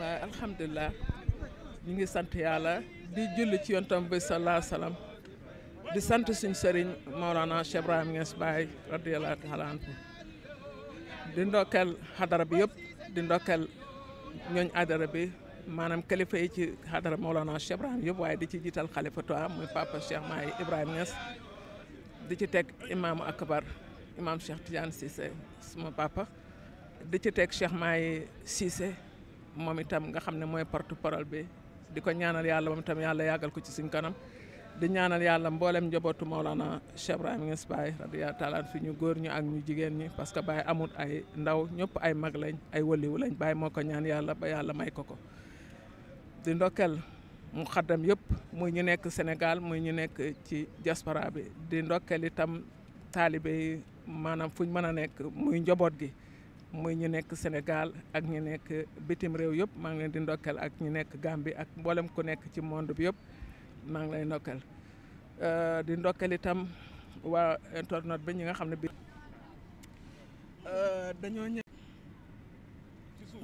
waaw alhamdulilah ñu ngi sant yàlla di julli ci yontam bi salaa salaam di sant suñ sëriñ Maolana Cheikh Ibrahim Niass Baye radiyallahu taala anhu di ndokkeel xadara bi yëpp di ndokkeel ñooñ adara bi maanaam kalifa yi ci xadara Maolana Cheikh Ibrahim yëpp waaye di ci jiital xalifa toa muy papa Cheikh Maay Ibrahim Niass di ci teg imaamu akbar imaam Cheikh Tidiane Cissé suma papa di ci teg Cheikh Maay Cissé moom itam nga xam ne mooy porte parole bi di ko ñaanal yàlla moom itam yàlla yàggal ko ci suñ kanam di ñaanal yàlla mboolem njabootu Maolana Cheikh Ibrahim Niass Baye radiyallahu taala fi góor ñu ak ñu jigéen ñi parce que Baye amul ay ndaw ñëpp ay mag lañ ay lañ Baye moo ko ñaan yàlla ba yàlla may ko ko di ndokkel mu xaddam yëpp muy ñu nekk Sénégal muy ñu nekk ci diaspora bi di ndokkel itam taalibe yi maanaam fu ñu mën a nekk muy njaboot gi. muy ñu nekk Sénégal ak ñu nekk bitim réew yëpp maa ngi leen di ndokkal ak ñu nekk bi ak mboolem ku nekk ci monde bi yëpp maa ngi lay ndokkal euh, di ndokkal itam waa internet bi ñi nga xam ne bi euh, dañoo ñëw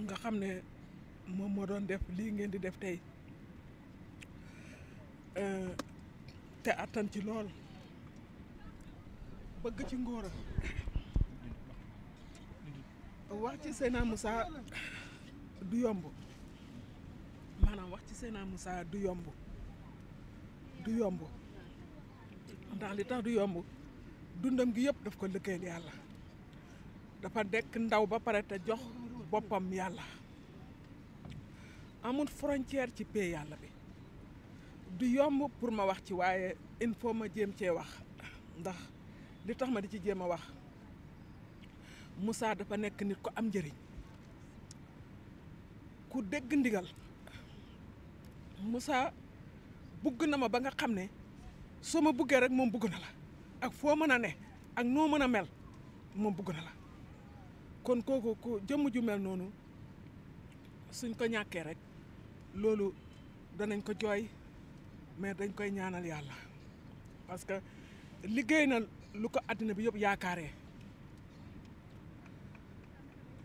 nga xam ne moom moo doon def lii ngeen di def tey euh, te attan ci lool bëgg ci ngóora wax ci Seyna Moussa du yomb maanaam wax ci Seyna musaa du yomb du yomb ndax li tax du yomb dundam gi yëpp daf ko liggéeyal yàlla dafa dekk ndaw ba pare te jox boppam yàlla amul frontière ci pay yàlla bi du yomb pour ma wax ci waaye il faut ma jéem cee wax ndax li tax ma di ci jéem a wax Moussa dafa nekk nit ku am njëriñ ku dégg ndigal Moussa bugg na ma ba nga xam ne soo ma buggee rek moom bugg na la ak foo mën a ne ak noo mën a mel moom bugg na la kon kooku ku jëmm ju noonu suñ ko ñàkkee rek loolu danañ ko jooy mais dañ koy ñaanal yàlla parce que liggéey na lu ko àddina bi yëpp yaakaaree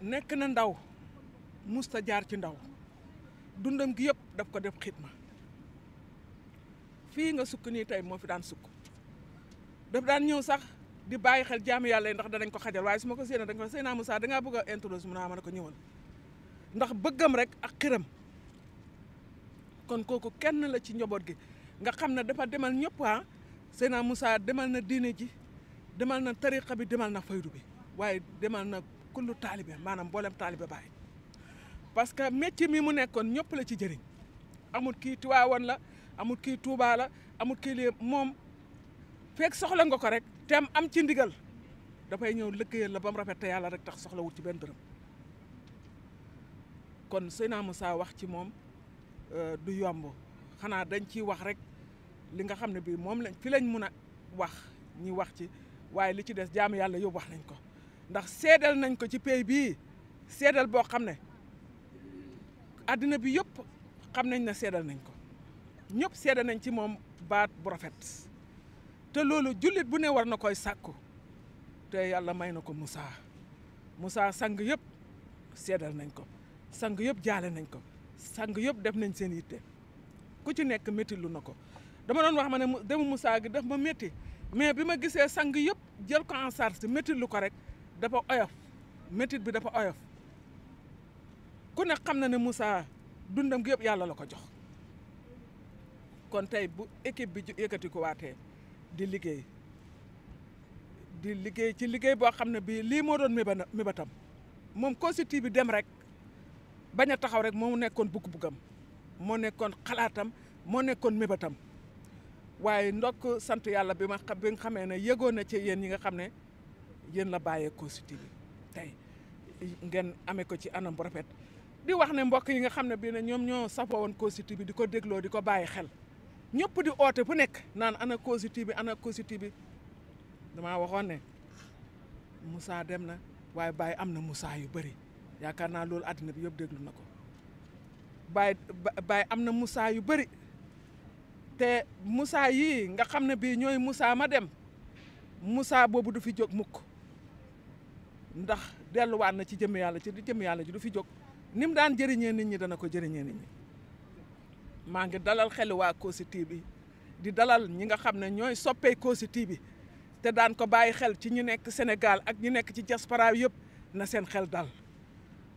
nekk na ndaw musta jaar ci ndaw dundam gi yëpp daf ko def xidma fii nga sukk nii tey moo fi daan sukk daf daan ñëw sax di bàyyi xel jaamu yàlla yi ndax danañ ko xajal waaye su ma ko séenee dañ ko Seydina Moussa dangaa bëgg a introduire mu naa ah, mën a ko ñëwal ndax bëggam rek ak xiram kon kooku kenn la ci njaboot gi nga xam ne dafa demal ñëpp ah Seydina Moussa demal na diine ji demal na tariqa bi demal na faydu bi waaye demal na kullu taalibe maanaam mboolem taalibe baay parce que métier mi mu nekkoon ñëpp la ci jëriñ amul kii Tiwaawan la amul kii Tuubaa la amul kii lii moom fekk soxla nga ko rek te am ci ndigal dafay ñëw liggéeyal la ba rafet te yàlla rek tax soxla wut ci benn dërëm kon Seydina Moussa wax ci moom euh, du yomb xanaa dañ ci wax rek li nga xam ne bii moom lañ fi lañ mun a wax ñi wax ci waaye li ci des jaamu yàlla yóbbu wax nañ ko ndax seedal nañ ko ci pays bii seedal boo xam ne àddina bi yëpp xam nañ ne seedal nañ ko ñëpp seedal nañ ci moom baat bu rafet te loolu jullit bu ne war na koy sàkku te yàlla may na ko Moussa Moussa sang yëpp seedal nañ ko sang yëpp jaale nañ ko sang yëpp def nañ seen yitte ku ci nekk métti lu na ko dama doon wax ma ne dem Moussa gi def ma métti mais bi ma gisee sang yëpp jël ko en charge métti lu ko rek dafa oyof métit bi dafa oyof ku ne xam na ne Moussa dundam gi yëpp yàlla la ko jox kon tey bu équipe bi yëkkati ko waatee di liggéey di liggéey ci liggéey boo xam ne bi lii moo doon mébana mébatam moom constitut bi dem rek bañ a taxaw rek moo nekkoon bugg-buggam moo nekkoon xalaatam moo nekkoon mébatam waaye ndokk sant yàlla bi ma bi nga xamee ne yëgoon na ci yéen ñi nga xam ne yéen la bàyyeekoo si tey ngeen amee ko ci anam bu rafet di wax ne mbokk yi nga xam ne bii ne ñoom ñoo safoo woon Kossy bi di ko dégloo di ko bàyyi xel ñëpp di oote fu nekk naan ana Kossy TV bi ana Kossy damaa waxoon ne Moussa dem na waaye Baye am na Moussa yu bëri yaakaar naa loolu àddina bi yëpp déglu na ko Baye am na Moussa yu bëri te Moussa yii nga xam ne bii ñooy Moussa ma dem Moussa boobu du fi jóg mukk ndax wat na ci jëm yalla ci jëm yalla ji du fi jog nim daan jëriñee nit ñi dana ko jëriñee nit ñi ma nga dalal xelu waa Kossy TV di dalal ñi nga xamne ñoy ñooy soppee Kossy TV te daan ko bayyi xel ci ñu nekk Sénégal ak ñu nekk ci diaspora yëpp na seen xel dal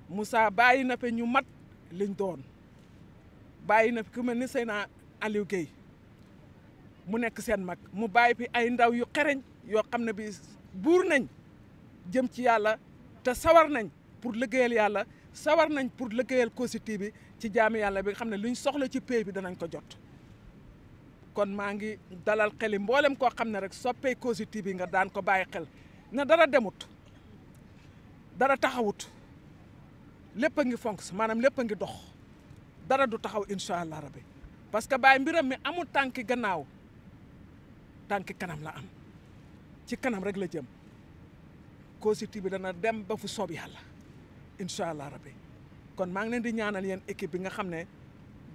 Moussa bayyi na fe ñu mat liñ doon bayyi na ku melni ni Seyna Aliou Gueye mu nekk seen mag mu bayyi fi ay ndaw yu xereñ yo xamne bi buur nañ jëm ci yàlla te sawar nañ pour liggéeyal yàlla sawar nañ pour liggéeyal Kossy bi ci jaami yàlla bi nga xam ne luñ soxla ci pays bi danañ ko jot kon maa ngi dalal xeli mboolem koo xam ne rek soppee Kossy yi nga daan ko bàyyi xel na dara demut dara taxawut lépp a ngi fonk maanaam lépp a ngi dox dara du taxaw incha allah rabbi parce que baay mbiram mi amul tànki gannaaw tànki kanam la am ci kanam rek la jëm causeté bi dana dem ba fu soob yàlla incha allah rabbi kon maa ngi leen di ñaanal yeen équipe bi nga xam ne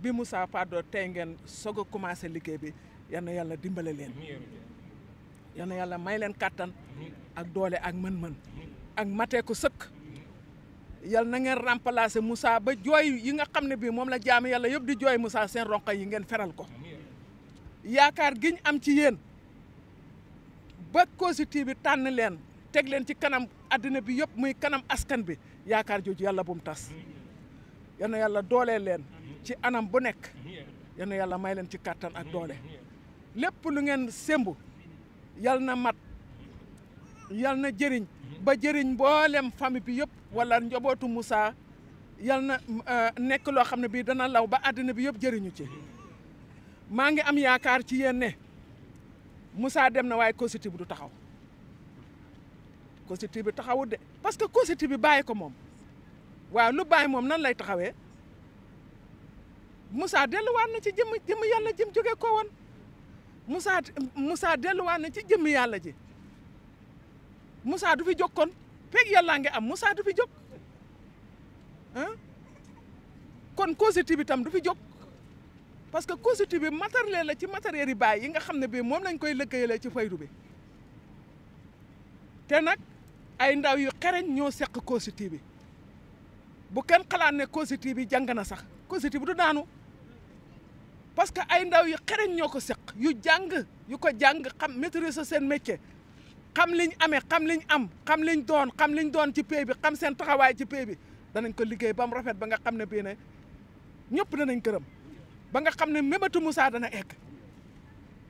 bi Moussa Fado tey ngeen soog a commencé liggéey bi yal yàlla dimbale leen yal yàlla may leen kàttan ak doole ak mën-mën ak mateeku sëkk yal na ngeen remplacer Moussa ba jooy yi nga xam ne bi moom la jaam yàlla yëpp di jooy musa seen ronq yi ngeen feral ko yaakaar giñ am ci yéen ba causeté bi tànn leen teg len ci kanam aduna bi yop muy kanam askan bi yaakar joju yalla bu tas yana yalla dole len ci anam bu nek yal yalla may len ci katan ak dole lepp lu ngeen sembu yalna na mat yal na ba jeriñ bolem fami bi yop wala njobotu musa yal na euh, nekk loo xam dana law ba aduna bi yop jeriñu ci maa am yaakar ci yéen musa dem na ko siti bu du taxaw constitution bi taxawut de parce que constitution bi bàyyi ko moom waaw lu bàyyi moom nan lay taxawee Moussa delluwaat na ci jëmm jëmm yàlla jëm joge ko woon Moussa Moussa delluwaat na ci jëmm yàlla ji Moussa du fi jokkoon peeg yàllaa ngi am Moussa du fi jog ah kon constitution bi tam du fi jokk parce que constitution bi matériel la ci matériel yi bàyyi yi nga xam ne bii moom lañ koy lëkkalee ci faydu bi te nag ay ndaw yu xereñ ñoo seq Kossy bi bu kenn xalaat ne Kossy bi jàng na sax Kossy bi du daanu parce que ay ndaw yu xereñ ñoo ko seq yu jàng yu ko jàng xam maîtriser seen métier xam liñ amee xam liñ am xam liñ doon xam liñ doon ci pays bi xam seen taxawaay ci pays bi danañ ko liggéey ba mu rafet ba nga xam ne bii ne ñëpp danañ gërëm ba nga xam ne mébatu musa dana egg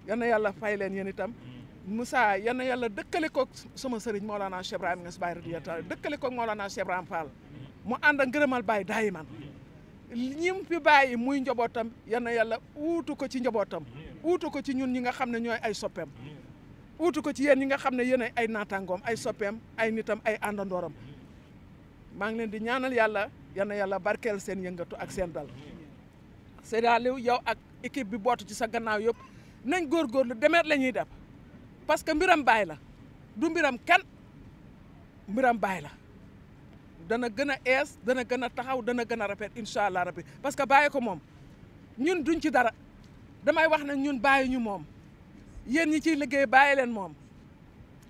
yal na yàlla fay leen yéen itam Moussa yal na yàlla dëkkale koog sama sëriñ Mawlana Cheikh Ibrahima Niass Baye radiyallahu taala dëkkale koog Mawlana Cheikh Ibrahima Fall mu ànd ak ngërëmal Baye daayi man ñim fi bàyyi muy njabootam yal na yàlla uutu ko ci njabootam uutu ko ci ñun ñi nga xam ne ñooy ay soppeem uutu ko ci yéen ñi nga xam ne yéen ay naataangoom ay soppeem ay nitam ay àndandooram maa ngi leen di ñaanal yàlla yal na yàlla barkeel seen yëngatu ak seen dal Seydou Aliou yow ak équipe bi bootu ci sa gannaaw yëpp nañ góorgóorlu demeet la ñuy def parce que mbiram baay la du mbiram kan mbiram baay la dana gën a ees dana gën a taxaw dana gën a rafet incha allah rabbi parce que bàyyi ko moom ñun duñ ci dara damay wax ne ñun bàyyi ñu moom yéen ñi ciy liggéey bàyyi leen moom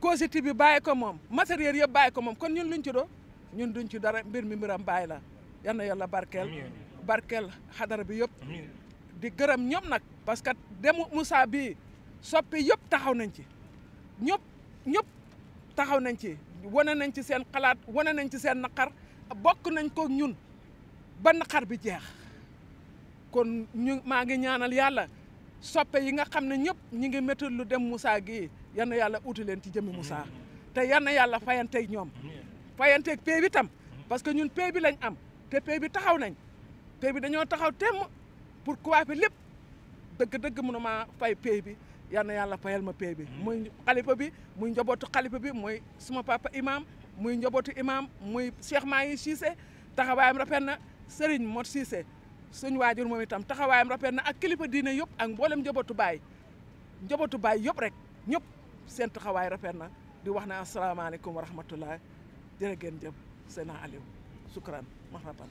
causetti bi bàyyi ko moom matériel yëpp bàyyi ko moom kon ñun luñ ci doo ñun duñ ci dara mbir mi mbiram bàyyi la yana na yàlla barkeel barkeel xadara bi yëpp di gërëm ñoom nag parce que demu Moussa bi soppi yëpp taxaw nañ ci ñëpp ñëpp taxaw nañ ci wane nañ ci seen xalaat wane nañ ci seen naqar bokk nañ ko ñun ba naqar bi jeex kon ñu maa ngi ñaanal yàlla soppe yi nga xam ne ñëpp ñi ngi métti lu dem Moussa gii yal yàlla uti leen ci jëmmi Moussa te yal yàlla fayanteeg ñoom fayanteeg pay bi tam parce que ñun pay bi lañ am te pay bi taxaw nañ pay bi dañoo taxaw temm pour coiffer lépp dëgg-dëgg mënu maa fay pay bi yal na yàlla fayal ma pay bi mm. muy xalifa bi muy njabootu xalifa bi muy suma papa imaam muy njabootu imam muy Cheikh Mahi Cissé taxawaayam rafet na Serigne Mor Cissé suñu waajur moom itam taxawaayam rafet na ak kilifa diine yëpp ak mboolem njabootu baay njabootu baay yëpp rek ñëpp seen taxawaay rafet na di wax na asalaamaaleykum wa rahmatullah jërë ngeen jëf Seydina Aliou sukran marhaban